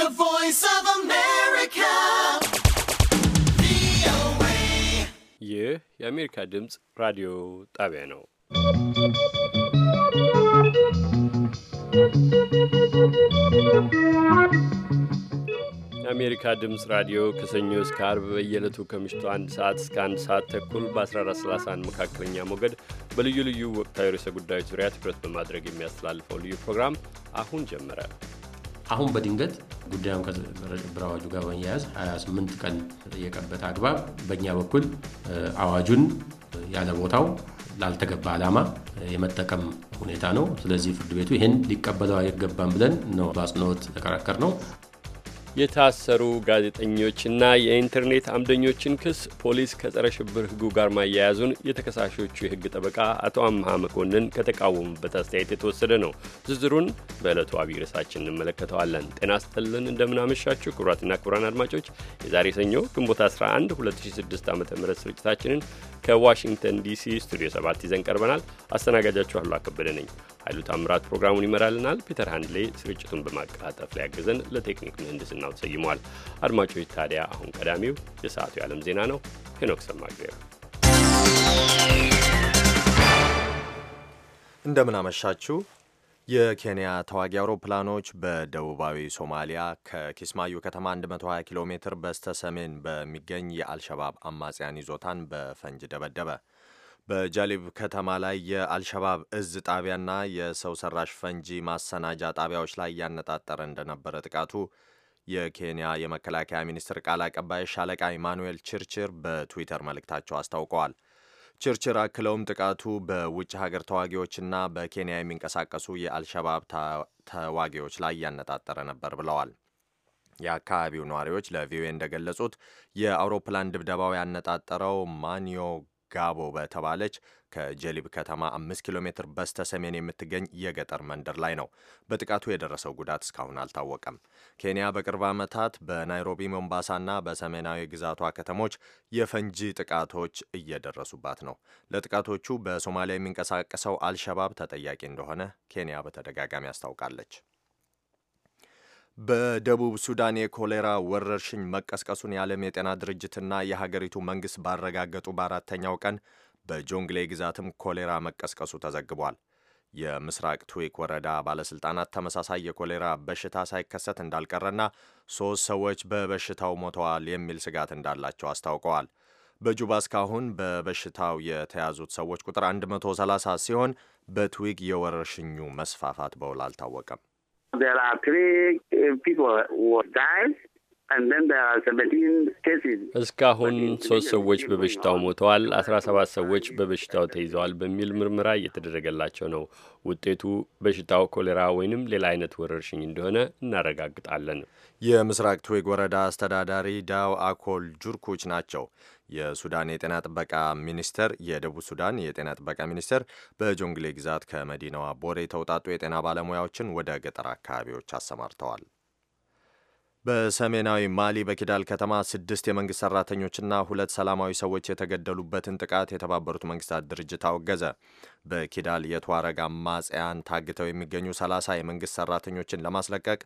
The Voice of America. ይህ የአሜሪካ ድምፅ ራዲዮ ጣቢያ ነው። የአሜሪካ ድምፅ ራዲዮ ከሰኞ እስከ አርብ በየዕለቱ ከምሽቱ አንድ ሰዓት እስከ አንድ ሰዓት ተኩል በ1431 መካከለኛ ሞገድ በልዩ ልዩ ወቅታዊ ርዕሰ ጉዳዮች ዙሪያ ትኩረት በማድረግ የሚያስተላልፈው ልዩ ፕሮግራም አሁን ጀመረ። አሁን በድንገት ጉዳዩን ከብር አዋጁ ጋር በመያያዝ 28 ቀን የቀበተ አግባብ በእኛ በኩል አዋጁን ያለ ቦታው ላልተገባ ዓላማ የመጠቀም ሁኔታ ነው። ስለዚህ ፍርድ ቤቱ ይህን ሊቀበለው አይገባም ብለን ነው በአጽንኦት ተከራከር ነው። የታሰሩ ጋዜጠኞችና የኢንተርኔት አምደኞችን ክስ ፖሊስ ከጸረ ሽብር ሕጉ ጋር ማያያዙን የተከሳሾቹ የሕግ ጠበቃ አቶ አምሃ መኮንን ከተቃወሙበት አስተያየት የተወሰደ ነው። ዝርዝሩን በዕለቱ አብይ ርዕሳችን እንመለከተዋለን። ጤና ይስጥልን፣ እንደምናመሻችሁ ክቡራትና ክቡራን አድማጮች የዛሬ ሰኞ ግንቦት 11 2006 ዓ ም ስርጭታችንን ከዋሽንግተን ዲሲ ስቱዲዮ 7 ይዘን ቀርበናል። አስተናጋጃችኋሉ አከበደ ነኝ። ኃይሉ ታምራት ፕሮግራሙን ይመራልናል። ፒተር ሃንድሌ ስርጭቱን በማቀላጠፍ ላይ ያገዘን ለቴክኒክ ምህንድስናው ተሰይመዋል። አድማጮች ታዲያ አሁን ቀዳሚው የሰዓቱ የዓለም ዜና ነው። ሄኖክ ሰማግዜር እንደምን አመሻችሁ። የኬንያ ተዋጊ አውሮፕላኖች በደቡባዊ ሶማሊያ ከኪስማዩ ከተማ 120 ኪሎ ሜትር በስተ ሰሜን በሚገኝ የአልሸባብ አማጽያን ይዞታን በፈንጅ ደበደበ። በጃሊብ ከተማ ላይ የአልሸባብ እዝ ጣቢያና የሰው ሰራሽ ፈንጂ ማሰናጃ ጣቢያዎች ላይ እያነጣጠረ እንደነበረ ጥቃቱ የኬንያ የመከላከያ ሚኒስትር ቃል አቀባይ ሻለቃ ኢማኑኤል ችርችር በትዊተር መልእክታቸው አስታውቀዋል። ችርችር አክለውም ጥቃቱ በውጭ ሀገር ተዋጊዎችና በኬንያ የሚንቀሳቀሱ የአልሸባብ ተዋጊዎች ላይ እያነጣጠረ ነበር ብለዋል። የአካባቢው ነዋሪዎች ለቪኦኤ እንደገለጹት የአውሮፕላን ድብደባው ያነጣጠረው ማኒዮ ጋቦ በተባለች ከጀሊብ ከተማ አምስት ኪሎ ሜትር በስተ ሰሜን የምትገኝ የገጠር መንደር ላይ ነው። በጥቃቱ የደረሰው ጉዳት እስካሁን አልታወቀም። ኬንያ በቅርብ ዓመታት በናይሮቢ ሞምባሳና በሰሜናዊ ግዛቷ ከተሞች የፈንጂ ጥቃቶች እየደረሱባት ነው። ለጥቃቶቹ በሶማሊያ የሚንቀሳቀሰው አልሸባብ ተጠያቂ እንደሆነ ኬንያ በተደጋጋሚ አስታውቃለች። በደቡብ ሱዳን የኮሌራ ወረርሽኝ መቀስቀሱን የዓለም የጤና ድርጅትና የሀገሪቱ መንግሥት ባረጋገጡ በአራተኛው ቀን በጆንግሌ ግዛትም ኮሌራ መቀስቀሱ ተዘግቧል። የምስራቅ ትዊክ ወረዳ ባለሥልጣናት ተመሳሳይ የኮሌራ በሽታ ሳይከሰት እንዳልቀረና ሦስት ሰዎች በበሽታው ሞተዋል የሚል ስጋት እንዳላቸው አስታውቀዋል። በጁባ እስካሁን በበሽታው የተያዙት ሰዎች ቁጥር 130 ሲሆን በትዊግ የወረርሽኙ መስፋፋት በውል አልታወቀም። There are three uh, people who died. እስካሁን ሶስት ሰዎች በበሽታው ሞተዋል፣ አስራ ሰባት ሰዎች በበሽታው ተይዘዋል በሚል ምርመራ እየተደረገላቸው ነው። ውጤቱ በሽታው ኮሌራ ወይንም ሌላ አይነት ወረርሽኝ እንደሆነ እናረጋግጣለን። የምስራቅ ትዌግ ወረዳ አስተዳዳሪ ዳው አኮል ጁርኩች ናቸው። የሱዳን የጤና ጥበቃ ሚኒስቴር የደቡብ ሱዳን የጤና ጥበቃ ሚኒስቴር በጆንግሌ ግዛት ከመዲናዋ ቦሬ የተውጣጡ የጤና ባለሙያዎችን ወደ ገጠር አካባቢዎች አሰማርተዋል። በሰሜናዊ ማሊ በኪዳል ከተማ ስድስት የመንግሥት ሠራተኞችና ሁለት ሰላማዊ ሰዎች የተገደሉበትን ጥቃት የተባበሩት መንግሥታት ድርጅት አወገዘ። በኪዳል የተዋረግ አማጽያን ታግተው የሚገኙ 30 የመንግሥት ሠራተኞችን ለማስለቀቅ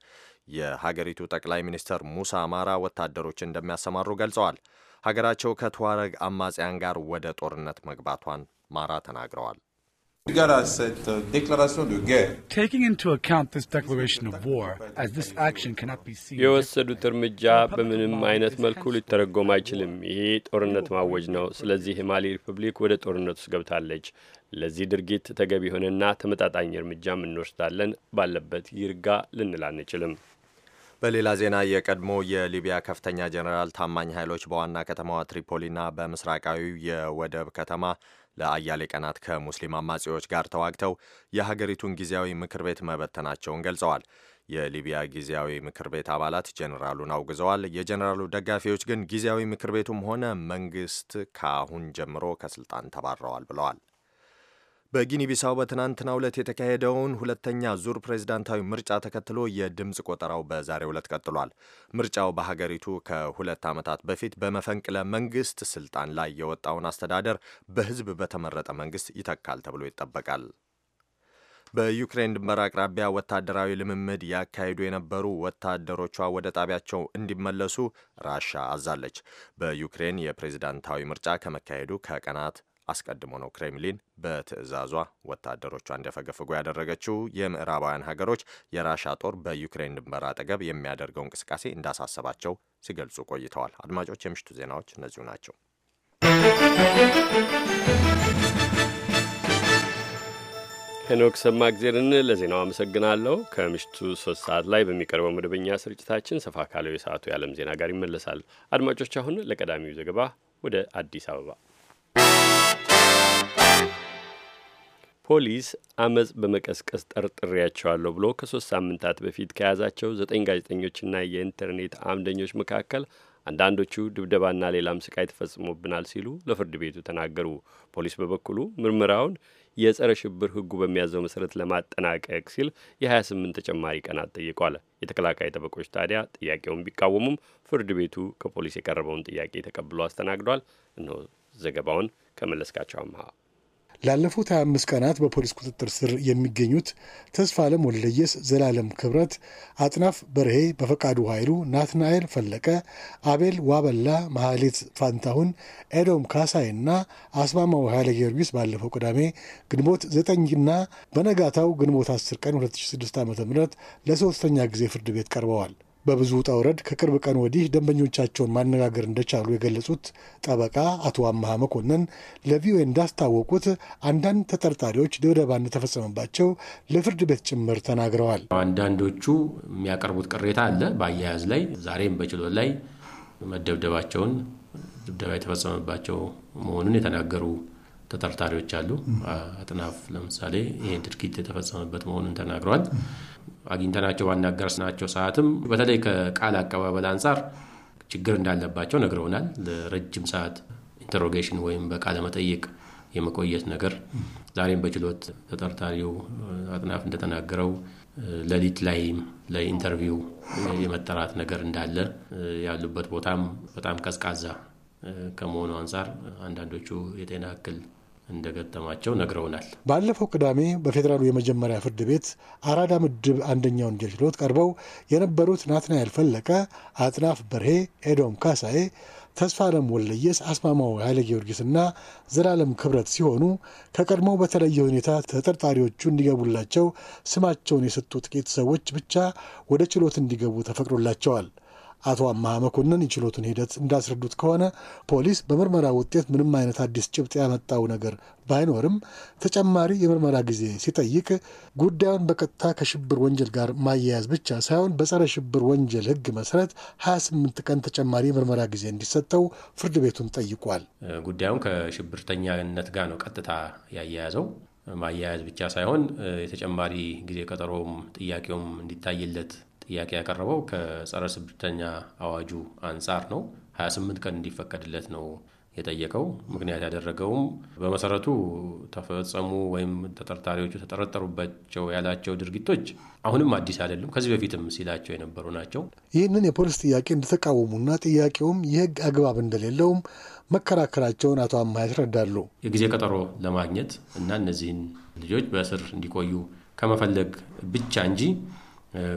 የሀገሪቱ ጠቅላይ ሚኒስትር ሙሳ አማራ ወታደሮች እንደሚያሰማሩ ገልጸዋል። ሀገራቸው ከተዋረግ አማጽያን ጋር ወደ ጦርነት መግባቷን ማራ ተናግረዋል። የወሰዱት እርምጃ በምንም አይነት መልኩ ሊተረጎም አይችልም። ይሄ ጦርነት ማወጅ ነው። ስለዚህ የማሊ ሪፐብሊክ ወደ ጦርነት ውስጥ ገብታለች። ለዚህ ድርጊት ተገቢ የሆነና ተመጣጣኝ እርምጃም እንወስዳለን። ባለበት ይርጋ ልንል አንችልም። በሌላ ዜና የቀድሞ የሊቢያ ከፍተኛ ጀኔራል ታማኝ ኃይሎች በዋና ከተማዋ ትሪፖሊና በምስራቃዊው የወደብ ከተማ ለአያሌ ቀናት ከሙስሊም አማጺዎች ጋር ተዋግተው የሀገሪቱን ጊዜያዊ ምክር ቤት መበተናቸውን ገልጸዋል። የሊቢያ ጊዜያዊ ምክር ቤት አባላት ጀኔራሉን አውግዘዋል። የጀኔራሉ ደጋፊዎች ግን ጊዜያዊ ምክር ቤቱም ሆነ መንግስት ከአሁን ጀምሮ ከስልጣን ተባረዋል ብለዋል። በጊኒ ቢሳው በትናንትናው ዕለት የተካሄደውን ሁለተኛ ዙር ፕሬዝዳንታዊ ምርጫ ተከትሎ የድምፅ ቆጠራው በዛሬው ዕለት ቀጥሏል። ምርጫው በሀገሪቱ ከሁለት ዓመታት በፊት በመፈንቅለ መንግስት ስልጣን ላይ የወጣውን አስተዳደር በህዝብ በተመረጠ መንግስት ይተካል ተብሎ ይጠበቃል። በዩክሬን ድንበር አቅራቢያ ወታደራዊ ልምምድ ያካሄዱ የነበሩ ወታደሮቿ ወደ ጣቢያቸው እንዲመለሱ ራሻ አዛለች። በዩክሬን የፕሬዝዳንታዊ ምርጫ ከመካሄዱ ከቀናት አስቀድሞ ነው ክሬምሊን በትዕዛዟ ወታደሮቿ እንዲያፈገፍጉ ያደረገችው። የምዕራባውያን ሀገሮች የራሻ ጦር በዩክሬን ድንበር አጠገብ የሚያደርገው እንቅስቃሴ እንዳሳሰባቸው ሲገልጹ ቆይተዋል። አድማጮች፣ የምሽቱ ዜናዎች እነዚሁ ናቸው። ሄኖክ ሰማእግዜርን ለዜናው አመሰግናለሁ። ከምሽቱ ሶስት ሰዓት ላይ በሚቀርበው መደበኛ ስርጭታችን ሰፋ ካለው የሰዓቱ የዓለም ዜና ጋር ይመለሳል። አድማጮች አሁን ለቀዳሚው ዘገባ ወደ አዲስ አበባ ፖሊስ አመፅ በመቀስቀስ ጠርጥሬያቸዋለሁ ብሎ ከሶስት ሳምንታት በፊት ከያዛቸው ዘጠኝ ጋዜጠኞችና የኢንተርኔት አምደኞች መካከል አንዳንዶቹ ድብደባና ሌላም ስቃይ ተፈጽሞብናል ሲሉ ለፍርድ ቤቱ ተናገሩ። ፖሊስ በበኩሉ ምርመራውን የጸረ ሽብር ሕጉ በሚያዘው መሰረት ለማጠናቀቅ ሲል የ28 ተጨማሪ ቀናት ጠይቋል። የተከላካይ ጠበቆች ታዲያ ጥያቄውን ቢቃወሙም ፍርድ ቤቱ ከፖሊስ የቀረበውን ጥያቄ ተቀብሎ አስተናግዷል። እነሆ ዘገባውን ከመለስካቸው አምሃ ላለፉት 25 ቀናት በፖሊስ ቁጥጥር ስር የሚገኙት ተስፋ ተስፋለም ወልደየስ፣ ዘላለም ክብረት፣ አጥናፍ በርሄ፣ በፈቃዱ ኃይሉ፣ ናትናኤል ፈለቀ፣ አቤል ዋበላ፣ ማህሌት ፋንታሁን፣ ኤዶም ካሳይ አስማማው ኃይለ ጊዮርጊስ ባለፈው ቅዳሜ ግንቦት 9ና በነጋታው ግንቦት 10 ቀን 2006 ዓ ም ለሶስተኛ ጊዜ ፍርድ ቤት ቀርበዋል። በብዙ ውጣ ውረድ ከቅርብ ቀን ወዲህ ደንበኞቻቸውን ማነጋገር እንደቻሉ የገለጹት ጠበቃ አቶ አመሃ መኮንን ለቪኦኤ እንዳስታወቁት አንዳንድ ተጠርጣሪዎች ድብደባ እንደተፈጸመባቸው ለፍርድ ቤት ጭምር ተናግረዋል። አንዳንዶቹ የሚያቀርቡት ቅሬታ አለ። በአያያዝ ላይ ዛሬም በችሎት ላይ መደብደባቸውን፣ ድብደባ የተፈጸመባቸው መሆኑን የተናገሩ ተጠርጣሪዎች አሉ። አጥናፍ ለምሳሌ ይሄ ድርጊት የተፈጸመበት መሆኑን ተናግረዋል። አግኝተናቸው ባናገርናቸው ሰዓትም በተለይ ከቃል አቀባበል አንጻር ችግር እንዳለባቸው ነግረውናል። ለረጅም ሰዓት ኢንተሮጌሽን ወይም በቃለ መጠይቅ የመቆየት ነገር ዛሬም በችሎት ተጠርጣሪው አጥናፍ እንደተናገረው ሌሊት ላይም ለኢንተርቪው የመጠራት ነገር እንዳለ ያሉበት ቦታም በጣም ቀዝቃዛ ከመሆኑ አንጻር አንዳንዶቹ የጤና እክል እንደገጠማቸው ነግረውናል። ባለፈው ቅዳሜ በፌዴራሉ የመጀመሪያ ፍርድ ቤት አራዳ ምድብ አንደኛ ወንጀል ችሎት ቀርበው የነበሩት ናትናኤል ፈለቀ፣ አጥናፍ በርሄ፣ ኤዶም ካሳኤ፣ ተስፋለም ወለየስ፣ አስማማው ኃይለ ጊዮርጊስና ዘላለም ክብረት ሲሆኑ ከቀድሞው በተለየ ሁኔታ ተጠርጣሪዎቹ እንዲገቡላቸው ስማቸውን የሰጡ ጥቂት ሰዎች ብቻ ወደ ችሎት እንዲገቡ ተፈቅዶላቸዋል። አቶ አማሀ መኮንን የችሎቱን ሂደት እንዳስረዱት ከሆነ ፖሊስ በምርመራ ውጤት ምንም አይነት አዲስ ጭብጥ ያመጣው ነገር ባይኖርም ተጨማሪ የምርመራ ጊዜ ሲጠይቅ ጉዳዩን በቀጥታ ከሽብር ወንጀል ጋር ማያያዝ ብቻ ሳይሆን በጸረ ሽብር ወንጀል ሕግ መሰረት 28 ቀን ተጨማሪ የምርመራ ጊዜ እንዲሰጠው ፍርድ ቤቱን ጠይቋል። ጉዳዩን ከሽብርተኛነት ጋር ነው ቀጥታ ያያያዘው። ማያያዝ ብቻ ሳይሆን የተጨማሪ ጊዜ ቀጠሮም ጥያቄውም እንዲታይለት ጥያቄ ያቀረበው ከጸረ ሽብርተኛ አዋጁ አንጻር ነው። 28 ቀን እንዲፈቀድለት ነው የጠየቀው። ምክንያት ያደረገውም በመሰረቱ ተፈጸሙ ወይም ተጠርጣሪዎቹ ተጠረጠሩባቸው ያላቸው ድርጊቶች አሁንም አዲስ አይደሉም፣ ከዚህ በፊትም ሲላቸው የነበሩ ናቸው። ይህንን የፖሊስ ጥያቄ እንደተቃወሙና ጥያቄውም የህግ አግባብ እንደሌለውም መከራከራቸውን አቶ አማ ያስረዳሉ። የጊዜ ቀጠሮ ለማግኘት እና እነዚህን ልጆች በእስር እንዲቆዩ ከመፈለግ ብቻ እንጂ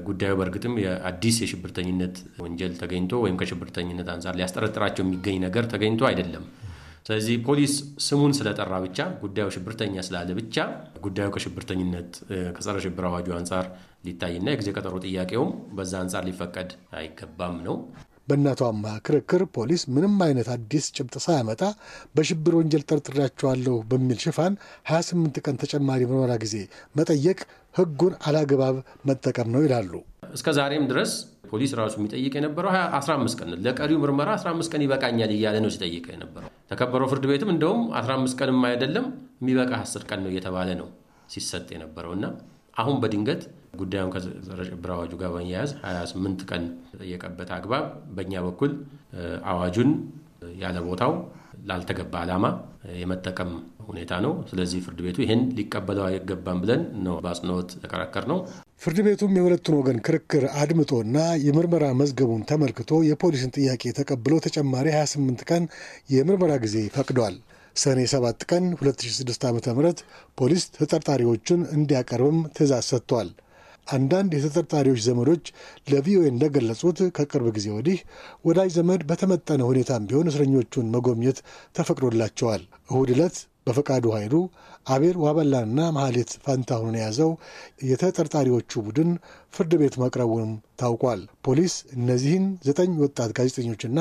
ጉዳዩ በእርግጥም የአዲስ የሽብርተኝነት ወንጀል ተገኝቶ ወይም ከሽብርተኝነት አንጻር ሊያስጠረጥራቸው የሚገኝ ነገር ተገኝቶ አይደለም። ስለዚህ ፖሊስ ስሙን ስለጠራ ብቻ ጉዳዩ ሽብርተኛ ስላለ ብቻ ጉዳዩ ከሽብርተኝነት ከጸረ ሽብር አዋጁ አንጻር ሊታይና የጊዜ ቀጠሮ ጥያቄውም በዛ አንጻር ሊፈቀድ አይገባም ነው። በእናቷማ ክርክር ፖሊስ ምንም አይነት አዲስ ጭብጥ ሳያመጣ በሽብር ወንጀል ጠርጥሬያቸዋለሁ በሚል ሽፋን 28 ቀን ተጨማሪ ምርመራ ጊዜ መጠየቅ ህጉን አላግባብ መጠቀም ነው ይላሉ። እስከ ዛሬም ድረስ ፖሊስ ራሱ የሚጠይቅ የነበረው 15 ቀን ለቀሪው ምርመራ 15 ቀን ይበቃኛል እያለ ነው ሲጠይቅ የነበረው። ተከበረው ፍርድ ቤትም እንደውም 15 ቀንም አይደለም የሚበቃ 10 ቀን ነው እየተባለ ነው ሲሰጥ የነበረው እና አሁን በድንገት ጉዳዩን ከጸረ ሽብር አዋጁ ጋር በመያያዝ 28 ቀን የጠየቀበት አግባብ በእኛ በኩል አዋጁን ያለ ቦታው ላልተገባ ዓላማ የመጠቀም ሁኔታ ነው። ስለዚህ ፍርድ ቤቱ ይህን ሊቀበለው አይገባም ብለን ነው በአጽንኦት ተከራከር ነው። ፍርድ ቤቱም የሁለቱን ወገን ክርክር አድምጦና የምርመራ መዝገቡን ተመልክቶ የፖሊስን ጥያቄ ተቀብሎ ተጨማሪ 28 ቀን የምርመራ ጊዜ ፈቅዷል። ሰኔ 7 ቀን 2006 ዓ ም ፖሊስ ተጠርጣሪዎቹን እንዲያቀርብም ትእዛዝ ሰጥቷል። አንዳንድ የተጠርጣሪዎች ዘመዶች ለቪኦኤ እንደገለጹት ከቅርብ ጊዜ ወዲህ ወዳጅ ዘመድ በተመጠነ ሁኔታም ቢሆን እስረኞቹን መጎብኘት ተፈቅዶላቸዋል። እሁድ ዕለት በፈቃዱ ኃይሉ አቤል ዋበላንና መሐሌት ፋንታሁንን የያዘው የተጠርጣሪዎቹ ቡድን ፍርድ ቤት መቅረቡም ታውቋል። ፖሊስ እነዚህን ዘጠኝ ወጣት ጋዜጠኞችና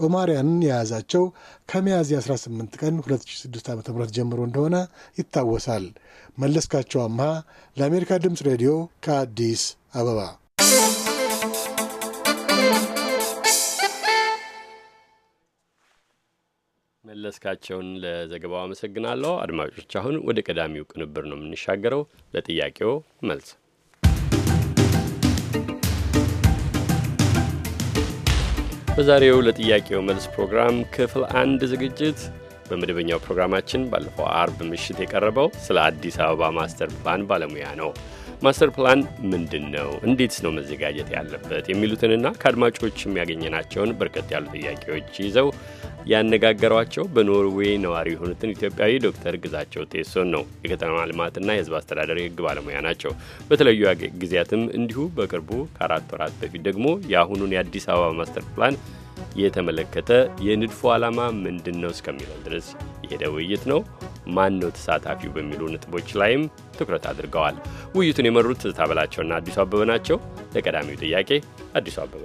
ጦማሪያንን የያዛቸው ከሚያዝያ 18 ቀን 2006 ዓ ም ጀምሮ እንደሆነ ይታወሳል። መለስካቸው አምሃ ለአሜሪካ ድምፅ ሬዲዮ ከአዲስ አበባ መለስካቸውን ለዘገባው አመሰግናለሁ። አድማጮች፣ አሁን ወደ ቀዳሚው ቅንብር ነው የምንሻገረው፣ ለጥያቄው መልስ በዛሬው ለጥያቄው መልስ ፕሮግራም ክፍል አንድ ዝግጅት በመደበኛው ፕሮግራማችን ባለፈው አርብ ምሽት የቀረበው ስለ አዲስ አበባ ማስተር ፕላን ባለሙያ ነው። ማስተር ፕላን ምንድን ነው? እንዴትስ ነው መዘጋጀት ያለበት? የሚሉትንና ከአድማጮች የሚያገኘናቸውን በርከት ያሉ ጥያቄዎች ይዘው ያነጋገሯቸው በኖርዌይ ነዋሪ የሆኑትን ኢትዮጵያዊ ዶክተር ግዛቸው ቴሶን ነው። የከተማ ልማትና የሕዝብ አስተዳደር የሕግ ባለሙያ ናቸው። በተለዩ ጊዜያትም እንዲሁ በቅርቡ ከአራት ወራት በፊት ደግሞ የአሁኑን የአዲስ አበባ ማስተር ፕላን የተመለከተ የንድፎ ዓላማ ምንድን ነው እስከሚለው ድረስ የሄደ ውይይት ነው። ማን ነው ተሳታፊው በሚሉ ነጥቦች ላይም ትኩረት አድርገዋል። ውይይቱን የመሩት ትዝታ በላቸውና አዲሱ አበበ ናቸው። ለቀዳሚው ጥያቄ አዲሱ አበበ።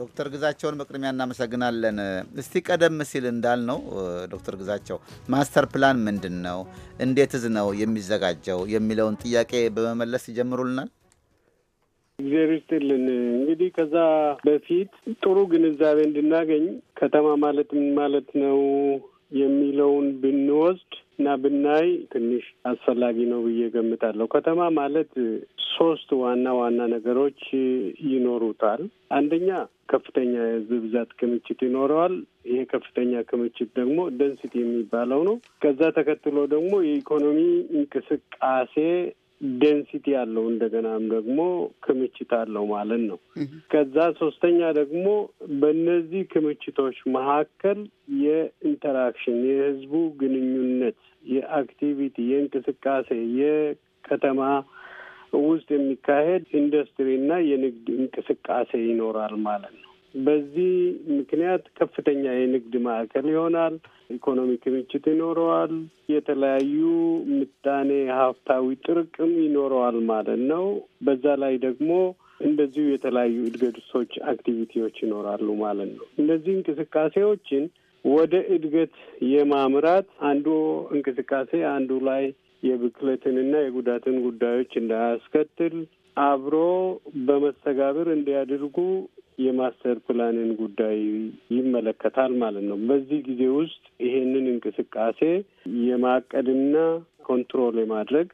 ዶክተር ግዛቸውን በቅድሚያ እናመሰግናለን። እስቲ ቀደም ሲል እንዳልነው ዶክተር ግዛቸው ማስተር ፕላን ምንድን ነው፣ እንዴትዝ ነው የሚዘጋጀው የሚለውን ጥያቄ በመመለስ ይጀምሩልናል። እግዚአብሔር ይስጥልን። እንግዲህ ከዛ በፊት ጥሩ ግንዛቤ እንድናገኝ ከተማ ማለት ምን ማለት ነው የሚለውን ብንወስድ እና ብናይ ትንሽ አስፈላጊ ነው ብዬ ገምታለሁ። ከተማ ማለት ሶስት ዋና ዋና ነገሮች ይኖሩታል። አንደኛ ከፍተኛ የህዝብ ብዛት ክምችት ይኖረዋል። ይሄ ከፍተኛ ክምችት ደግሞ ደንስቲ የሚባለው ነው። ከዛ ተከትሎ ደግሞ የኢኮኖሚ እንቅስቃሴ ዴንሲቲ ያለው እንደገናም ደግሞ ክምችት አለው ማለት ነው። ከዛ ሶስተኛ ደግሞ በእነዚህ ክምችቶች መካከል የኢንተራክሽን የህዝቡ ግንኙነት፣ የአክቲቪቲ፣ የእንቅስቃሴ የከተማ ውስጥ የሚካሄድ ኢንዱስትሪና የንግድ እንቅስቃሴ ይኖራል ማለት ነው። በዚህ ምክንያት ከፍተኛ የንግድ ማዕከል ይሆናል። ኢኮኖሚ ክምችት ይኖረዋል። የተለያዩ ምጣኔ ሀብታዊ ጥርቅም ይኖረዋል ማለት ነው። በዛ ላይ ደግሞ እንደዚሁ የተለያዩ እድገቶች፣ አክቲቪቲዎች ይኖራሉ ማለት ነው። እነዚህ እንቅስቃሴዎችን ወደ እድገት የማምራት አንዱ እንቅስቃሴ አንዱ ላይ የብክለትንና የጉዳትን ጉዳዮች እንዳያስከትል አብሮ በመስተጋብር እንዲያደርጉ የማስተር ፕላንን ጉዳይ ይመለከታል ማለት ነው። በዚህ ጊዜ ውስጥ ይሄንን እንቅስቃሴ የማቀድና ኮንትሮል የማድረግ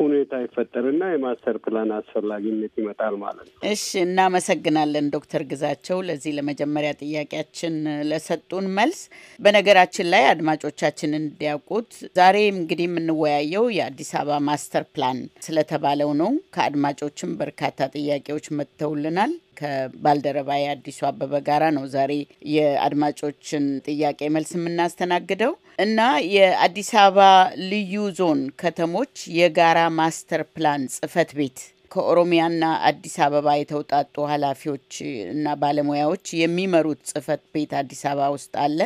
ሁኔታ ይፈጠርና የማስተር ፕላን አስፈላጊነት ይመጣል ማለት ነው። እሺ፣ እናመሰግናለን ዶክተር ግዛቸው ለዚህ ለመጀመሪያ ጥያቄያችን ለሰጡን መልስ። በነገራችን ላይ አድማጮቻችን እንዲያውቁት ዛሬ እንግዲህ የምንወያየው የአዲስ አበባ ማስተር ፕላን ስለተባለው ነው። ከአድማጮችም በርካታ ጥያቄዎች መጥተውልናል። ከባልደረባ የአዲሱ አበበ ጋራ ነው ዛሬ የአድማጮችን ጥያቄ መልስ የምናስተናግደው እና የአዲስ አበባ ልዩ ዞን ከተሞች የጋራ ማስተር ፕላን ጽህፈት ቤት ከኦሮሚያና አዲስ አበባ የተውጣጡ ኃላፊዎች እና ባለሙያዎች የሚመሩት ጽህፈት ቤት አዲስ አበባ ውስጥ አለ።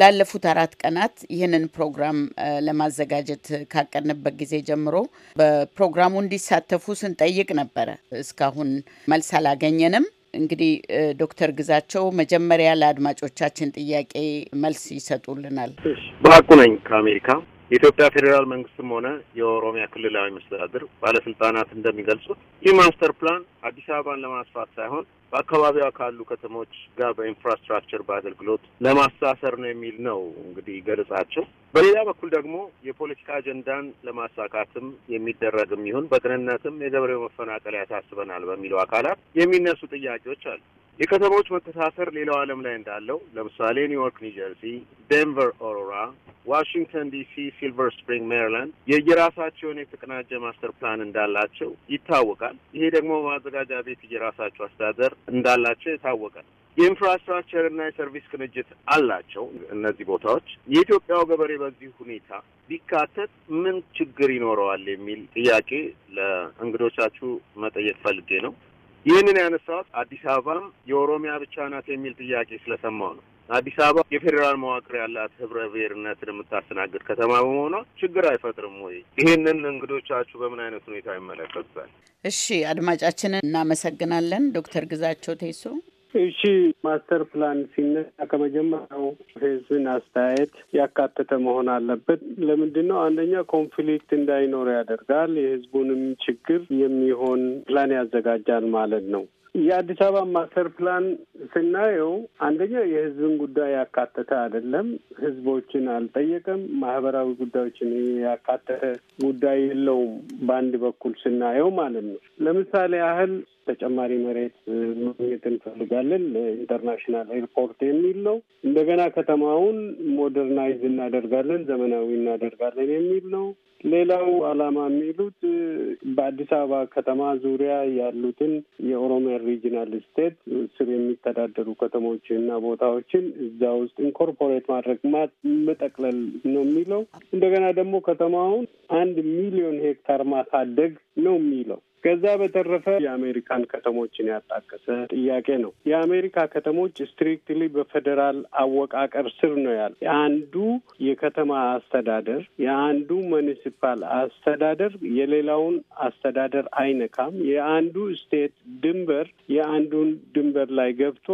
ላለፉት አራት ቀናት ይህንን ፕሮግራም ለማዘጋጀት ካቀንበት ጊዜ ጀምሮ በፕሮግራሙ እንዲሳተፉ ስንጠይቅ ነበረ። እስካሁን መልስ አላገኘንም። እንግዲህ ዶክተር ግዛቸው መጀመሪያ ለአድማጮቻችን ጥያቄ መልስ ይሰጡልናል። በአቁ ነኝ ከአሜሪካ የኢትዮጵያ ፌዴራል መንግስትም ሆነ የኦሮሚያ ክልላዊ መስተዳድር ባለስልጣናት እንደሚገልጹት ይህ ማስተር ፕላን አዲስ አበባን ለማስፋት ሳይሆን በአካባቢዋ ካሉ ከተሞች ጋር በኢንፍራስትራክቸር በአገልግሎት ለማሳሰር ነው የሚል ነው እንግዲህ ገለጻቸው። በሌላ በኩል ደግሞ የፖለቲካ አጀንዳን ለማሳካትም የሚደረግም ይሁን በቅንነትም የገበሬው መፈናቀል ያሳስበናል በሚለው አካላት የሚነሱ ጥያቄዎች አሉ። የከተሞች መተሳሰር ሌላው ዓለም ላይ እንዳለው ለምሳሌ ኒውዮርክ፣ ኒውጀርሲ፣ ዴንቨር፣ ኦሮራ፣ ዋሽንግተን ዲሲ፣ ሲልቨር ስፕሪንግ፣ ሜሪላንድ የየራሳቸውን የተቀናጀ ማስተር ፕላን እንዳላቸው ይታወቃል። ይሄ ደግሞ ማዘጋጃ ቤት የራሳቸው አስተዳደር እንዳላቸው ይታወቃል። የኢንፍራስትራክቸር እና የሰርቪስ ቅንጅት አላቸው። እነዚህ ቦታዎች የኢትዮጵያው ገበሬ በዚህ ሁኔታ ቢካተት ምን ችግር ይኖረዋል የሚል ጥያቄ ለእንግዶቻችሁ መጠየቅ ፈልጌ ነው። ይህንን ያነሳሁት አዲስ አበባም የኦሮሚያ ብቻ ናት የሚል ጥያቄ ስለሰማው ነው። አዲስ አበባ የፌዴራል መዋቅር ያላት ህብረ ብሔርነትን የምታስተናግድ ከተማ በመሆኗ ችግር አይፈጥርም ወይ? ይህንን እንግዶቻችሁ በምን አይነት ሁኔታ ይመለከቱታል? እሺ አድማጫችንን እናመሰግናለን። ዶክተር ግዛቸው ቴሶ እሺ ማስተር ፕላን ሲነሳ ከመጀመሪያው ህዝብን አስተያየት ያካተተ መሆን አለበት። ለምንድን ነው? አንደኛ ኮንፍሊክት እንዳይኖር ያደርጋል። የህዝቡንም ችግር የሚሆን ፕላን ያዘጋጃል ማለት ነው። የአዲስ አበባ ማስተር ፕላን ስናየው አንደኛ የህዝብን ጉዳይ ያካተተ አይደለም። ህዝቦችን አልጠየቀም። ማህበራዊ ጉዳዮችን ያካተተ ጉዳይ የለውም። በአንድ በኩል ስናየው ማለት ነው። ለምሳሌ ያህል ተጨማሪ መሬት ማግኘት እንፈልጋለን ለኢንተርናሽናል ኤርፖርት የሚል ነው። እንደገና ከተማውን ሞደርናይዝ እናደርጋለን፣ ዘመናዊ እናደርጋለን የሚል ነው። ሌላው አላማ የሚሉት በአዲስ አበባ ከተማ ዙሪያ ያሉትን የኦሮሚያ ሪጂናል ስቴት ስር የሚተዳደሩ ከተሞች እና ቦታዎችን እዛ ውስጥ ኢንኮርፖሬት ማድረግ መጠቅለል ነው የሚለው። እንደገና ደግሞ ከተማውን አንድ ሚሊዮን ሄክታር ማሳደግ ነው የሚለው። ከዛ በተረፈ የአሜሪካን ከተሞችን ያጣቀሰ ጥያቄ ነው። የአሜሪካ ከተሞች ስትሪክትሊ በፌዴራል አወቃቀር ስር ነው ያለ። የአንዱ የከተማ አስተዳደር የአንዱ ሙኒሲፓል አስተዳደር የሌላውን አስተዳደር አይነካም። የአንዱ ስቴት ድንበር የአንዱን ድንበር ላይ ገብቶ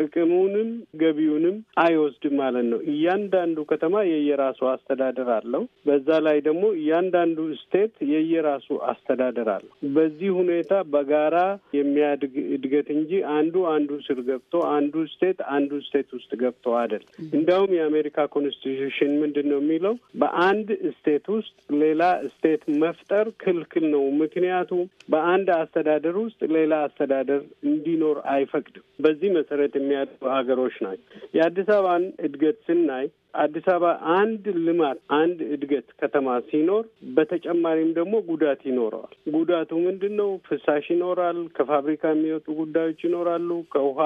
ጥቅሙንም ገቢውንም አይወስድም ማለት ነው። እያንዳንዱ ከተማ የየራሱ አስተዳደር አለው። በዛ ላይ ደግሞ እያንዳንዱ ስቴት የየራሱ አስተዳደር አለው። በዚህ ሁኔታ በጋራ የሚያድግ እድገት እንጂ አንዱ አንዱ ስር ገብቶ አንዱ ስቴት አንዱ ስቴት ውስጥ ገብቶ አይደል። እንዲያውም የአሜሪካ ኮንስቲቱሽን ምንድን ነው የሚለው በአንድ ስቴት ውስጥ ሌላ ስቴት መፍጠር ክልክል ነው። ምክንያቱም በአንድ አስተዳደር ውስጥ ሌላ አስተዳደር እንዲኖር አይፈቅድም። በዚህ መሰረት የሚያጡ ሀገሮች ናቸው። የአዲስ አበባን እድገት ስናይ አዲስ አበባ አንድ ልማት አንድ እድገት ከተማ ሲኖር በተጨማሪም ደግሞ ጉዳት ይኖረዋል። ጉዳቱ ምንድን ነው? ፍሳሽ ይኖራል። ከፋብሪካ የሚወጡ ጉዳዮች ይኖራሉ። ከውሃ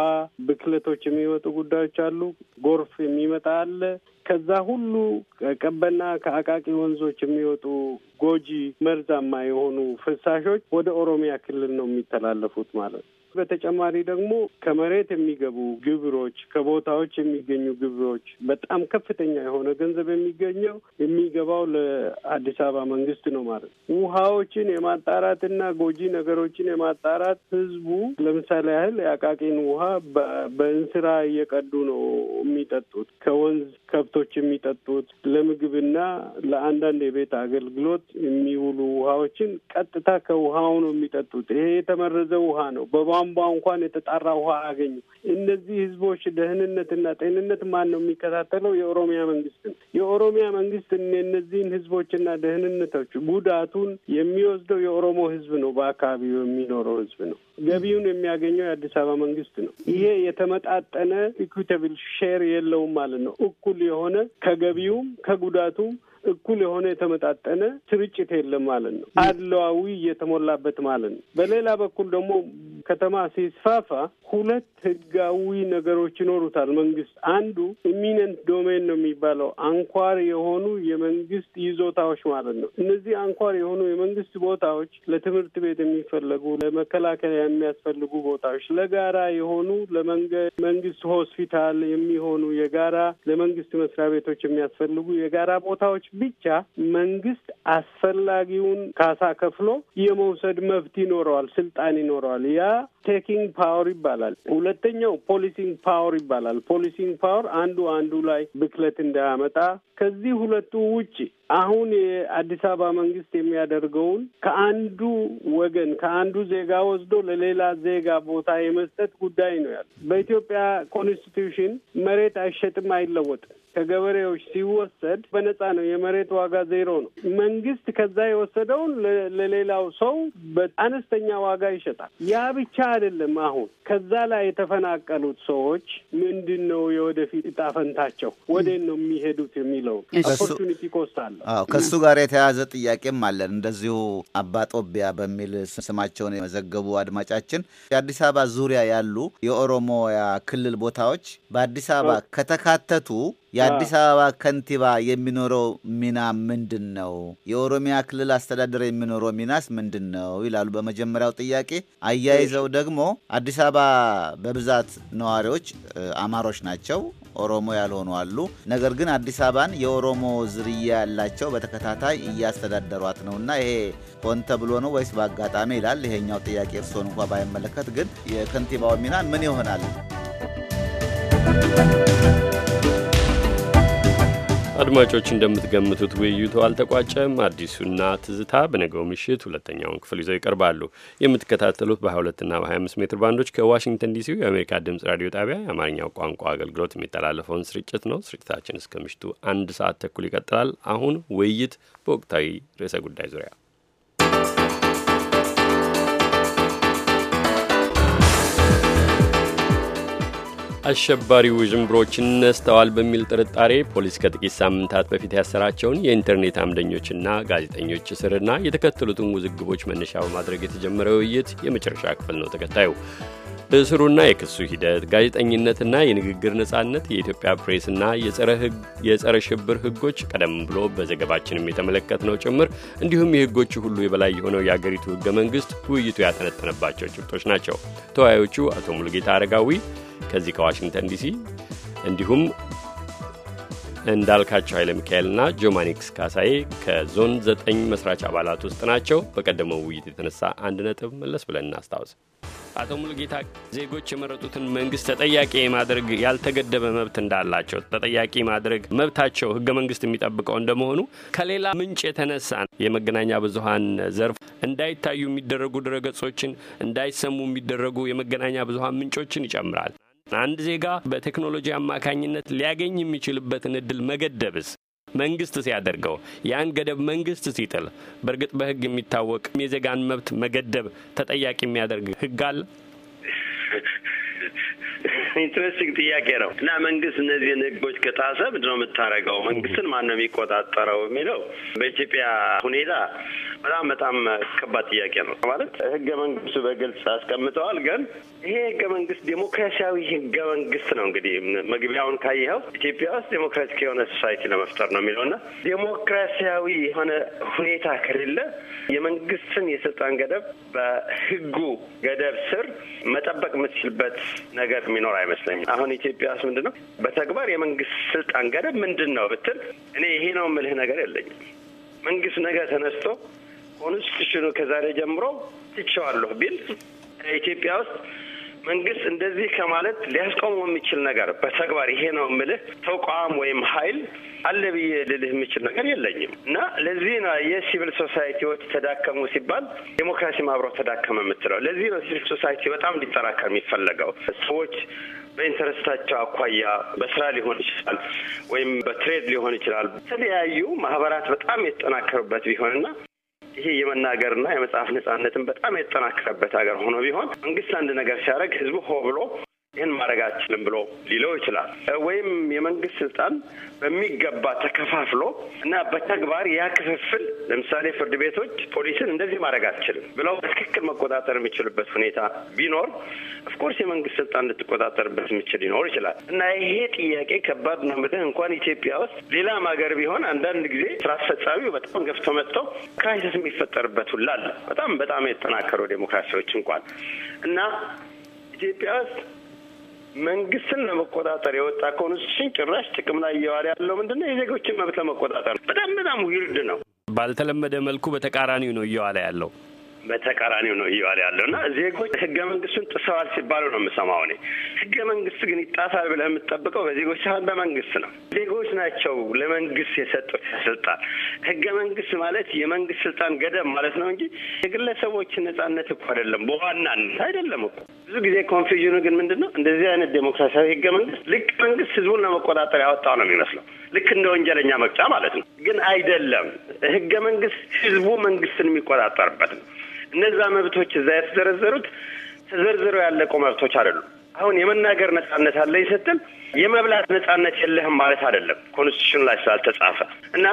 ብክለቶች የሚወጡ ጉዳዮች አሉ። ጎርፍ የሚመጣ አለ። ከዛ ሁሉ ከቀበና ከአቃቂ ወንዞች የሚወጡ ጎጂ መርዛማ የሆኑ ፍሳሾች ወደ ኦሮሚያ ክልል ነው የሚተላለፉት ማለት ነው። በተጨማሪ ደግሞ ከመሬት የሚገቡ ግብሮች፣ ከቦታዎች የሚገኙ ግብሮች በጣም ከፍተኛ የሆነ ገንዘብ የሚገኘው የሚገባው ለአዲስ አበባ መንግስት ነው ማለት ነው። ውሃዎችን የማጣራትና ጎጂ ነገሮችን የማጣራት ህዝቡ ለምሳሌ ያህል የአቃቂን ውሃ በእንስራ እየቀዱ ነው የሚጠጡት ከወንዝ ከብቶች የሚጠጡት ለምግብና ለአንዳንድ የቤት አገልግሎት የሚውሉ ውሃዎችን ቀጥታ ከውሃው ነው የሚጠጡት። ይሄ የተመረዘ ውሃ ነው። በቧንቧ እንኳን የተጣራ ውሃ አገኙ። እነዚህ ህዝቦች ደህንነትና ጤንነት ማን ነው የሚከታተለው? የኦሮሚያ መንግስት ነው። የኦሮሚያ መንግስት እነዚህን ህዝቦችና ደህንነቶች ጉዳቱን የሚወስደው የኦሮሞ ህዝብ ነው። በአካባቢው የሚኖረው ህዝብ ነው። ገቢውን የሚያገኘው የአዲስ አበባ መንግስት ነው። ይሄ የተመጣጠነ ኢኩዊተብል ሼር የለውም ማለት ነው። እኩል የሆነ ከገቢውም ከጉዳቱም እኩል የሆነ የተመጣጠነ ስርጭት የለም ማለት ነው። አድለዋዊ እየተሞላበት ማለት ነው። በሌላ በኩል ደግሞ ከተማ ሲስፋፋ ሁለት ህጋዊ ነገሮች ይኖሩታል መንግስት። አንዱ ኢሚነንት ዶሜን ነው የሚባለው አንኳር የሆኑ የመንግስት ይዞታዎች ማለት ነው። እነዚህ አንኳር የሆኑ የመንግስት ቦታዎች ለትምህርት ቤት የሚፈለጉ፣ ለመከላከያ የሚያስፈልጉ ቦታዎች፣ ለጋራ የሆኑ ለመንገድ፣ መንግስት ሆስፒታል የሚሆኑ የጋራ ለመንግስት መስሪያ ቤቶች የሚያስፈልጉ የጋራ ቦታዎች ብቻ መንግስት አስፈላጊውን ካሳ ከፍሎ የመውሰድ መብት ይኖረዋል፣ ስልጣን ይኖረዋል። ያ ቴኪንግ ፓወር ይባላል። ሁለተኛው ፖሊሲንግ ፓወር ይባላል። ፖሊሲንግ ፓወር አንዱ አንዱ ላይ ብክለት እንዳያመጣ ከዚህ ሁለቱ ውጭ አሁን የአዲስ አበባ መንግስት የሚያደርገውን ከአንዱ ወገን ከአንዱ ዜጋ ወስዶ ለሌላ ዜጋ ቦታ የመስጠት ጉዳይ ነው ያለ። በኢትዮጵያ ኮንስቲቱሽን መሬት አይሸጥም አይለወጥም። ከገበሬዎች ሲወሰድ በነፃ ነው። የመሬት ዋጋ ዜሮ ነው። መንግስት ከዛ የወሰደውን ለሌላው ሰው በአነስተኛ ዋጋ ይሸጣል። ያ ብቻ አይደለም። አሁን ከዛ ላይ የተፈናቀሉት ሰዎች ምንድን ነው የወደፊት እጣ ፈንታቸው ነው የሚሄዱት የሚለው ኦፖርቹኒቲ ኮስት አለ። ከእሱ ጋር የተያያዘ ጥያቄም አለን። እንደዚሁ አባ ጦቢያ በሚል ስማቸውን የመዘገቡ አድማጫችን የአዲስ አበባ ዙሪያ ያሉ የኦሮሞያ ክልል ቦታዎች በአዲስ አበባ ከተካተቱ የአዲስ አበባ ከንቲባ የሚኖረው ሚና ምንድን ነው? የኦሮሚያ ክልል አስተዳደር የሚኖረው ሚናስ ምንድን ነው ይላሉ በመጀመሪያው ጥያቄ። አያይዘው ደግሞ አዲስ አበባ በብዛት ነዋሪዎች አማሮች ናቸው፣ ኦሮሞ ያልሆኑ አሉ። ነገር ግን አዲስ አበባን የኦሮሞ ዝርያ ያላቸው በተከታታይ እያስተዳደሯት ነውና ይሄ ሆን ተብሎ ነው ወይስ በአጋጣሚ ይላል። ይሄኛው ጥያቄ እርስዎን እንኳ ባይመለከት ግን የከንቲባው ሚና ምን ይሆናል? አድማጮች እንደምትገምቱት ውይይቱ አልተቋጨም። አዲሱና ትዝታ በነገው ምሽት ሁለተኛውን ክፍል ይዘው ይቀርባሉ። የምትከታተሉት በ22ና በ25 ሜትር ባንዶች ከዋሽንግተን ዲሲው የአሜሪካ ድምፅ ራዲዮ ጣቢያ የአማርኛው ቋንቋ አገልግሎት የሚተላለፈውን ስርጭት ነው። ስርጭታችን እስከ ምሽቱ አንድ ሰዓት ተኩል ይቀጥላል። አሁን ውይይት በወቅታዊ ርዕሰ ጉዳይ ዙሪያ አሸባሪ ውዥንብሮች ነስተዋል በሚል ጥርጣሬ ፖሊስ ከጥቂት ሳምንታት በፊት ያሰራቸውን የኢንተርኔት አምደኞችና ጋዜጠኞች እስርና የተከተሉትን ውዝግቦች መነሻ በማድረግ የተጀመረ ውይይት የመጨረሻ ክፍል ነው። ተከታዩ እስሩና የክሱ ሂደት፣ ጋዜጠኝነትና የንግግር ነጻነት፣ የኢትዮጵያ ፕሬስና የጸረ ሽብር ህጎች ቀደም ብሎ በዘገባችንም የተመለከትነው ጭምር እንዲሁም የህጎቹ ሁሉ የበላይ የሆነው የአገሪቱ ህገ መንግስት ውይይቱ ያጠነጠነባቸው ጭብጦች ናቸው። ተወያዮቹ አቶ ሙሉጌታ አረጋዊ ከዚህ ከዋሽንግተን ዲሲ እንዲሁም እንዳልካቸው ኃይለ ሚካኤልና ጆማኒክስ ካሳዬ ከዞን ዘጠኝ መስራች አባላት ውስጥ ናቸው። በቀደመው ውይይት የተነሳ አንድ ነጥብ መለስ ብለን እናስታውስ። አቶ ሙሉጌታ ዜጎች የመረጡትን መንግስት ተጠያቂ የማድረግ ያልተገደበ መብት እንዳላቸው ተጠያቂ ማድረግ መብታቸው ህገ መንግስት የሚጠብቀው እንደመሆኑ ከሌላ ምንጭ የተነሳ የመገናኛ ብዙሀን ዘርፍ እንዳይታዩ የሚደረጉ ድረገጾችን እንዳይሰሙ የሚደረጉ የመገናኛ ብዙሀን ምንጮችን ይጨምራል። አንድ ዜጋ በቴክኖሎጂ አማካኝነት ሊያገኝ የሚችልበትን እድል መገደብስ መንግስት ሲያደርገው ያን ገደብ መንግስት ሲጥል፣ በእርግጥ በህግ የሚታወቅ የዜጋን መብት መገደብ ተጠያቂ የሚያደርግ ህግ አለ። ኢንትረስቲንግ ጥያቄ ነው እና መንግስት እነዚህን ህጎች ከጣሰ ምንድነው የምታደርገው? መንግስትን ማን ነው የሚቆጣጠረው የሚለው በኢትዮጵያ ሁኔታ በጣም በጣም ከባድ ጥያቄ ነው። ማለት ህገ መንግስቱ በግልጽ አስቀምጠዋል። ግን ይሄ ህገ መንግስት ዴሞክራሲያዊ ህገ መንግስት ነው። እንግዲህ መግቢያውን ካየኸው ኢትዮጵያ ውስጥ ዴሞክራቲክ የሆነ ሶሳይቲ ለመፍጠር ነው የሚለው እና ዴሞክራሲያዊ የሆነ ሁኔታ ከሌለ የመንግስትን የስልጣን ገደብ በህጉ ገደብ ስር መጠበቅ የምትችልበት ነገር የሚኖር አይመስለኝም። አሁን ኢትዮጵያ ውስጥ ምንድን ነው በተግባር የመንግስት ስልጣን ገደብ ምንድን ነው ብትል እኔ ይሄ ነው የምልህ ነገር የለኝም። መንግስት ነገር ተነስቶ ኮንስቲቱሽኑ ከዛሬ ጀምሮ ትቸዋለሁ ቢል ኢትዮጵያ ውስጥ መንግስት እንደዚህ ከማለት ሊያስቆመው የሚችል ነገር በተግባር ይሄ ነው የምልህ ተቋም ወይም ሀይል አለ ብዬ ልልህ የሚችል ነገር የለኝም እና ለዚህ ነው የሲቪል ሶሳይቲዎች ተዳከሙ ሲባል ዴሞክራሲ አብረው ተዳከመ የምትለው ለዚህ ነው ሲቪል ሶሳይቲ በጣም እንዲጠናከር የሚፈለገው ሰዎች በኢንተረስታቸው አኳያ በስራ ሊሆን ይችላል ወይም በትሬድ ሊሆን ይችላል። የተለያዩ ማህበራት በጣም የተጠናከሩበት ቢሆንና ይሄ የመናገርና የመጽሐፍ ነጻነትን በጣም የተጠናከረበት ሀገር ሆኖ ቢሆን መንግስት አንድ ነገር ሲያደርግ ህዝቡ ሆ ብሎ ይህን ማድረግ አችልም ብሎ ሊለው ይችላል። ወይም የመንግስት ስልጣን በሚገባ ተከፋፍሎ እና በተግባር ያ ክፍፍል ለምሳሌ ፍርድ ቤቶች ፖሊስን እንደዚህ ማድረግ አችልም ብለው በትክክል መቆጣጠር የሚችልበት ሁኔታ ቢኖር ኦፍኮርስ የመንግስት ስልጣን ልትቆጣጠርበት የሚችል ሊኖር ይችላል እና ይሄ ጥያቄ ከባድ ነው። ምትን እንኳን ኢትዮጵያ ውስጥ ሌላም ሀገር ቢሆን አንዳንድ ጊዜ ስራ አስፈጻሚው በጣም ገፍቶ መጥተው ክራይሲስ የሚፈጠርበት ሁላ አለ። በጣም በጣም የተጠናከሩ ዴሞክራሲዎች እንኳን እና ኢትዮጵያ ውስጥ መንግስትን ለመቆጣጠር የወጣ ኮንስቲቱሽን ጭራሽ ጥቅም ላይ እየዋለ ያለው ምንድን ነው? የዜጎችን መብት ለመቆጣጠር በጣም በጣም ዊርድ ነው። ባልተለመደ መልኩ በተቃራኒው ነው እየዋለ ያለው። በተቃራኒው ነው እየዋለ ያለው እና ዜጎች ህገ መንግስቱን ጥሰዋል ሲባሉ ነው የምሰማው እኔ። ህገ መንግስት ግን ይጣሳል ብለህ የምጠብቀው በዜጎች ሳይሆን በመንግስት ነው። ዜጎች ናቸው ለመንግስት የሰጡት ስልጣን። ህገ መንግስት ማለት የመንግስት ስልጣን ገደብ ማለት ነው እንጂ የግለሰቦች ነጻነት እኮ አይደለም፣ በዋናነት አይደለም እኮ። ብዙ ጊዜ ኮንፊዥኑ ግን ምንድን ነው እንደዚህ አይነት ዴሞክራሲያዊ ህገ መንግስት ልክ መንግስት ህዝቡን ለመቆጣጠር ያወጣው ነው የሚመስለው ልክ እንደ ወንጀለኛ መቅጫ ማለት ነው። ግን አይደለም። ህገ መንግስት ህዝቡ መንግስትን የሚቆጣጠርበት ነው። እነዛ መብቶች እዛ የተዘረዘሩት ተዘርዝረው ያለቁ መብቶች አይደሉም። አሁን የመናገር ነጻነት አለኝ ስትል የመብላት ነጻነት የለህም ማለት አይደለም። ኮንስቲቱሽን ላይ ስላልተጻፈ እና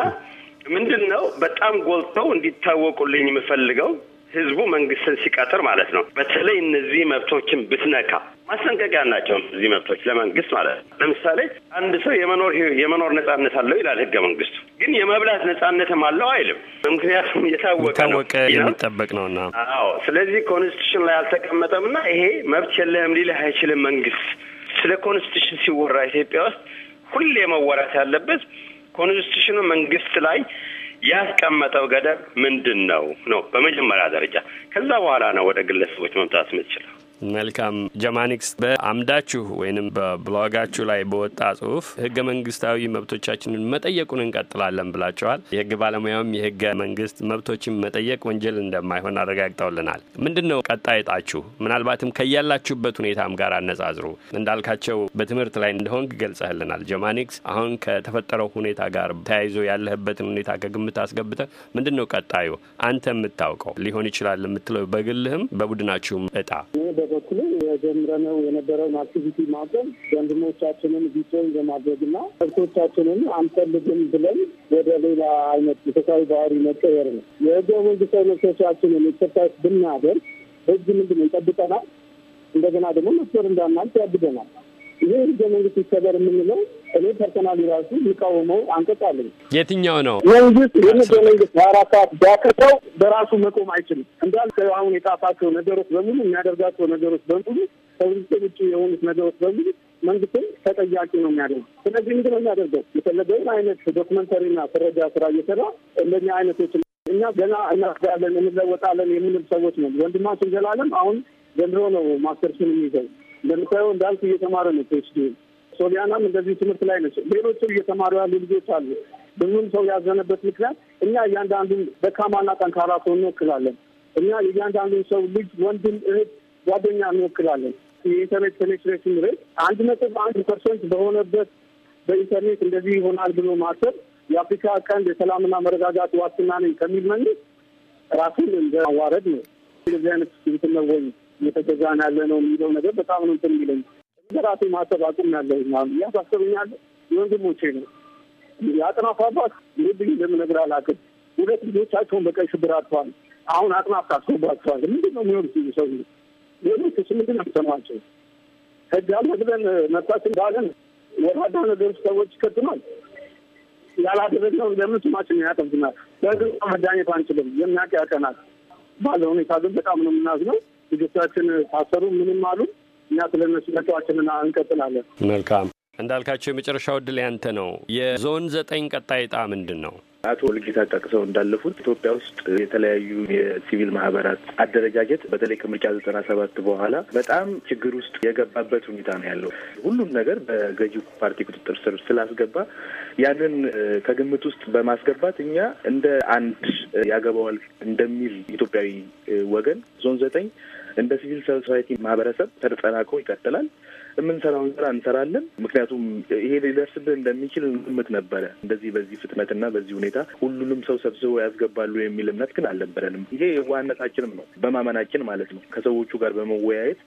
ምንድን ነው በጣም ጎልተው እንዲታወቁልኝ የምፈልገው ህዝቡ መንግስትን ሲቀጥር ማለት ነው። በተለይ እነዚህ መብቶችን ብትነካ ማስጠንቀቂያ ናቸው። እነዚህ መብቶች ለመንግስት ማለት ነው። ለምሳሌ አንድ ሰው የመኖር የመኖር ነጻነት አለው ይላል ህገ መንግስቱ፣ ግን የመብላት ነጻነትም አለው አይልም። ምክንያቱም የታወቀ ነው የሚጠበቅ ነውና። አዎ፣ ስለዚህ ኮንስቲቱሽን ላይ አልተቀመጠም እና ይሄ መብት የለህም ሊልህ አይችልም መንግስት። ስለ ኮንስቲቱሽን ሲወራ ኢትዮጵያ ውስጥ ሁሌ መወራት ያለበት ኮንስቲቱሽኑ መንግስት ላይ ያስቀመጠው ገደብ ምንድን ነው ነው በመጀመሪያ ደረጃ። ከዛ በኋላ ነው ወደ ግለሰቦች መምጣት የምትችለው። መልካም ጀማኒክስ፣ በአምዳችሁ ወይንም በብሎጋችሁ ላይ በወጣ ጽሁፍ ህገ መንግስታዊ መብቶቻችንን መጠየቁን እንቀጥላለን ብላቸዋል። የህግ ባለሙያውም የህገ መንግስት መብቶችን መጠየቅ ወንጀል እንደማይሆን አረጋግጠውልናል። ምንድን ነው ቀጣይ እጣችሁ? ምናልባትም ከያላችሁበት ሁኔታም ጋር አነጻጽሩ። እንዳልካቸው በትምህርት ላይ እንደሆን ገልጸህልናል። ጀማኒክስ፣ አሁን ከተፈጠረው ሁኔታ ጋር ተያይዞ ያለህበትን ሁኔታ ከግምት አስገብተ ምንድን ነው ቀጣዩ አንተ የምታውቀው ሊሆን ይችላል የምትለው በግልህም በቡድናችሁም እጣ በኩል የጀምረነው የነበረውን አክቲቪቲ ማቆም ወንድሞቻችንን በማድረግ ና መብቶቻችንን አንፈልግም ብለን ወደ ሌላ አይነት የተሳዊ ባህሪ መቀየር ነው። የህገ መንግስት መብቶቻችንን ኤክሰርሳይዝ ብናደርግ ህግ ምንድን ይጠብቀናል። እንደገና ደግሞ መስፈር እንዳናልፍ ያግደናል። ይህ ህገ መንግስት ይከበር የምንለው እኔ ፐርሰናሊ ራሱ ሊቃወመው አንቀጽ አለኝ። የትኛው ነው? መንግስት ይህን ህገ መንግስት ሀያ አራት ሰዓት ቢያከብረው በራሱ መቆም አይችልም። እንዳልከው አሁን የጻፋቸው ነገሮች በሙሉ የሚያደርጋቸው ነገሮች በሙሉ ከውስጥ ውጭ የሆኑት ነገሮች በሙሉ መንግስትን ተጠያቂ ነው የሚያደርጉ ስለዚህ ምንድን ነው የሚያደርገው? የፈለገውን አይነት ዶክመንተሪና ፍረጃ ስራ እየሰራ እንደኛ አይነቶች እኛ ገና እናድጋለን እንለወጣለን የምንል ሰዎች ነው። ወንድማችን ዘላለም አሁን ዘንድሮ ነው ማስተርሱን የሚይዘው እንደምታየው እንዳልኩ እየተማረ ነው ቴስቲ ሶሊያናም እንደዚህ ትምህርት ላይ ነች። ሌሎችም እየተማሩ ያሉ ልጆች አሉ። ብዙም ሰው ያዘነበት ምክንያት እኛ እያንዳንዱን ደካማና ጠንካራ ሰው እንወክላለን። እኛ የእያንዳንዱን ሰው ልጅ፣ ወንድም፣ እህት፣ ጓደኛ እንወክላለን። የኢንተርኔት ፔኔትሬሽን ሬት አንድ ነጥብ አንድ ፐርሰንት በሆነበት በኢንተርኔት እንደዚህ ይሆናል ብሎ ማሰብ የአፍሪካ ቀንድ የሰላምና መረጋጋት ዋስትና ነኝ ከሚል መንግስት ራሱን እንደ ማዋረድ ነው። እንደዚህ አይነት ስብትና እየተገዛን ያለ ነው የሚለው ነገር በጣም ነው እንትን የሚለኝ በራሴ ማሰብ አቁም ያለሁ እያሳሰብኛል። የወንድሞቼ ነው የአጥናፍ አባት ይህብኝ እንደምነግር አላውቅም። ሁለት ልጆቻቸውን በቀይ ሽብር አጥተዋል። አሁን አጥናፍ ታስሮባቸዋል። ምንድን ነው የሚሆኑት? ሰው ሌሎችስ ምንድን ነው የሚሰማቸው? ህግ አለ ብለን መርታችን ባለን ወራዳ ነገሮች ሰዎች ይከትማል። ያላደረግነው ለምን ስማችን ያጠብናል? በግ መዳኘት አንችልም። የሚያቅ ያቀናል ባለ ሁኔታ ግን በጣም ነው የምናዝነው። ልጆቻችን ታሰሩ ምንም አሉ። እኛ ስለነሱ መጫዋችንን እንቀጥላለን። መልካም እንዳልካቸው የመጨረሻው እድል ያንተ ነው። የዞን ዘጠኝ ቀጣይ እጣ ምንድን ነው? አቶ ልጌታ ጠቅሰው እንዳለፉት ኢትዮጵያ ውስጥ የተለያዩ የሲቪል ማህበራት አደረጃጀት በተለይ ከምርጫ ዘጠና ሰባት በኋላ በጣም ችግር ውስጥ የገባበት ሁኔታ ነው ያለው። ሁሉም ነገር በገዢው ፓርቲ ቁጥጥር ስር ስላስገባ ያንን ከግምት ውስጥ በማስገባት እኛ እንደ አንድ ያገባዋል እንደሚል ኢትዮጵያዊ ወገን ዞን ዘጠኝ እንደ ሲቪል ሶሳይቲ ማህበረሰብ ተጠናክሮ ይቀጥላል። የምንሰራውን ስራ እንሰራለን። ምክንያቱም ይሄ ሊደርስብህ እንደሚችል ግምት ነበረ። እንደዚህ በዚህ ፍጥነትና በዚህ ሁኔታ ሁሉንም ሰው ሰብስበው ያስገባሉ የሚል እምነት ግን አልነበረንም። ይሄ ዋነታችንም ነው፣ በማመናችን ማለት ነው። ከሰዎቹ ጋር በመወያየት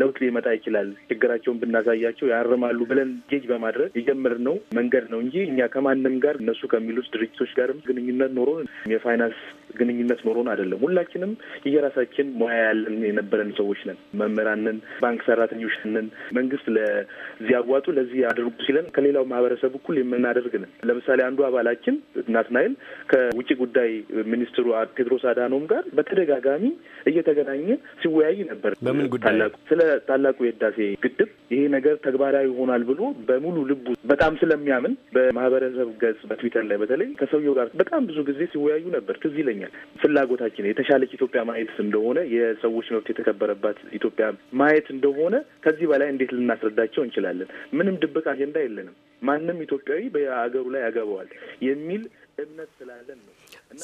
ለውጥ ሊመጣ ይችላል፣ ችግራቸውን ብናሳያቸው ያርማሉ ብለን ጌጅ በማድረግ የጀመርነው መንገድ ነው እንጂ እኛ ከማንም ጋር እነሱ ከሚሉት ድርጅቶች ጋርም ግንኙነት ኖሮን የፋይናንስ ግንኙነት ኖሮን አይደለም። ሁላችንም እየራሳችን ሙያ ያለን የነበረን ሰዎች ነን። መምህራንን፣ ባንክ ሰራተኞች ነን። መንግስት ለዚህ አዋጡ ለዚህ አድርጉ ሲለን ከሌላው ማህበረሰብ እኩል የምናደርግ ነን። ለምሳሌ አንዱ አባላችን ናትናይል ከውጭ ጉዳይ ሚኒስትሩ ቴድሮስ አዳኖም ጋር በተደጋጋሚ እየተገናኘ ሲወያይ ነበር። በምን ጉዳይ ስለ ታላቁ የህዳሴ ግድብ ይሄ ነገር ተግባራዊ ይሆናል ብሎ በሙሉ ልቡ በጣም ስለሚያምን በማህበረሰብ ገጽ በትዊተር ላይ በተለይ ከሰውየው ጋር በጣም ብዙ ጊዜ ሲወያዩ ነበር። ትዝ ይለኛል ፍላጎታችን የተሻለች ኢትዮጵያ ማየት እንደሆነ፣ የሰዎች መብት የተከበረባት ኢትዮጵያ ማየት እንደሆነ ከዚህ በላይ እንዴት ልናስረዳቸው እንችላለን? ምንም ድብቅ አጀንዳ የለንም። ማንም ኢትዮጵያዊ በአገሩ ላይ ያገባዋል የሚል እምነት ስላለን ነው።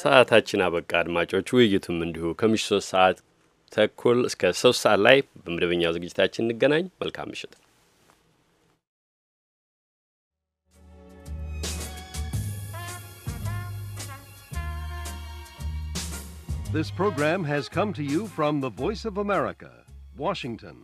ሰዓታችን አበቃ። አድማጮች ውይይቱም እንዲሁ ከምሽቱ ሶስት ሰዓት ተኩል እስከ ሶስት ሰዓት ላይ በመደበኛው ዝግጅታችን እንገናኝ። መልካም ምሽት። This program has come to you from the Voice of America, Washington.